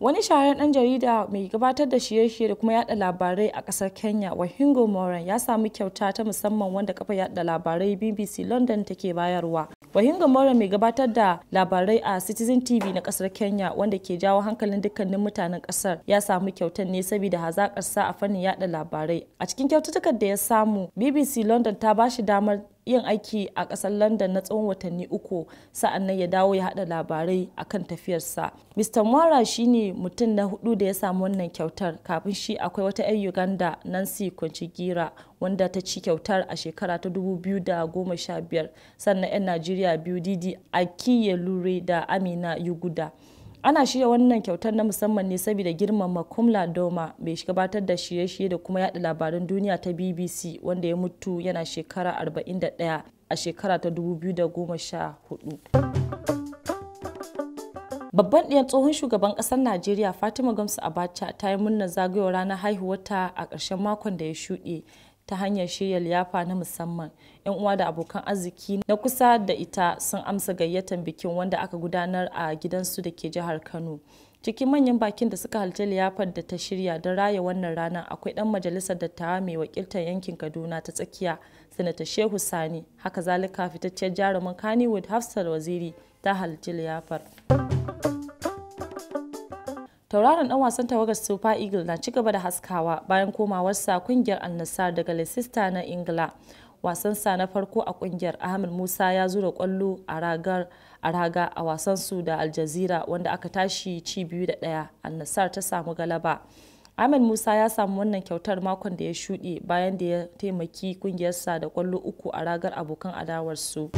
wani shahararren dan jarida mai gabatar da shirye-shirye da kuma yada labarai a kasar kenya wahingo moran ya samu kyauta ta musamman wanda kafa yada labarai bbc london take bayarwa wahingo moran mai gabatar da labarai a citizen tv na kasar kenya wanda ke jawo hankalin dukkanin mutanen kasar ya samu kyautar ne saboda hazakarsa a fannin yada labarai a cikin kyaututtukan da ya samu bbc london ta ba shi damar yin aiki a ƙasar london na tsawon watanni uku sa'an nan ya dawo ya haɗa labarai akan tafiyarsa mr mora shine mutum na hudu da ya samu wannan kyautar kafin shi akwai wata 'yan uganda nancy kwancigira wanda ta ci kyautar a shekara ta 2015 sannan 'yan najeriya biyu didi akiyelure da amina yuguda ana shirya wannan kyautar na musamman ne saboda girmama makumla doma mai gabatar da shirye-shirye da kuma yada labaran duniya ta bbc wanda ya mutu yana shekara 41 a shekara ta 2014 babban ɗiyan tsohon shugaban ƙasar najeriya fatima gamsu abacha ta yi murnar zagayowar ranar haihuwarta a ƙarshen makon da ya shuɗe ta hanyar shirya liyafa na musamman yan uwa da abokan arziki na kusa da ita sun amsa gayyatar bikin wanda aka gudanar a gidansu da ke jihar kano cikin manyan bakin da suka halci liyafar da ta shirya don raya wannan rana akwai dan majalisar dattawa mai wakiltar yankin kaduna ta tsakiya sanata shehu sani haka zalika fitacciyar jarumin kannywood hafsar waziri ta halci liyafar tauraron dan wasan tawagar super eagle na cigaba da haskawa bayan komawarsa kungiyar annasar daga leicester na ingila wasansa na farko a kungiyar ahmed musa ya zura kwallo a ragar a raga a wasansu da aljazira wanda aka tashi ci biyu da daya annasar ta samu galaba ahmed musa ya samu wannan kyautar makon da ya shuɗe bayan da ya taimaki kungiyarsa da kwallo uku a ragar abokan adawarsu.